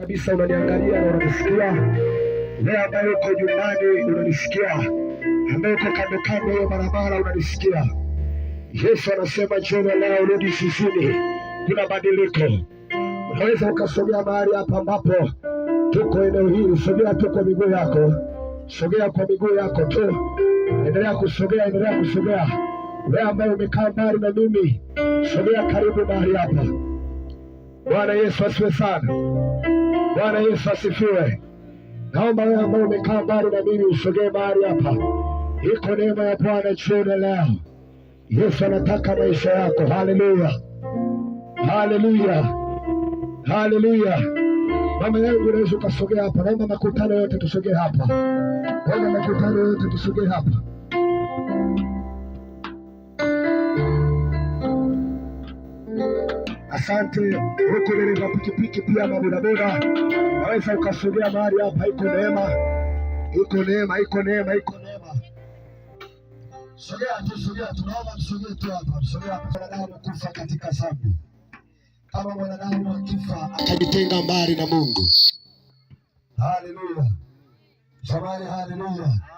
kabisa unaniangalia na unanisikia, wewe ambaye uko nyumbani unanisikia, ambaye uko kando kando ya barabara unanisikia. Yesu anasema jioni leo urudi sisini, kuna badiliko. Unaweza ukasogea mahali hapa ambapo tuko eneo hili, sogea tu kwa miguu yako, sogea kwa miguu yako tu, endelea kusogea, endelea kusogea. Wewe ambaye umekaa mbali na mimi, sogea karibu mahali hapa. Bwana Yesu asiwe sana Bwana Yesu asifiwe. Naomba wewe ambao umekaa mbali na mimi usogee mahali hapa. Iko neema ya Bwana jioni leo. Yesu anataka maisha yako. Haleluya, haleluya, haleluya. Mama yangu, unaweza ukasogea hapa. Naomba makutano yote tusogee hapa. Naomba makutano yote tusogee hapa. Asante huku dereva pikipiki pia mabodaboda, naweza ukasogea mahali hapa. Iko neema, iko neema, iko neema, iko neema. Sogea tu, sogea tu, msogee tu hapa, msogea hapa. Mwanadamu kufa katika dhambi, kama mwanadamu akifa atajitenga mbali na Mungu. Haleluya jamani, haleluya.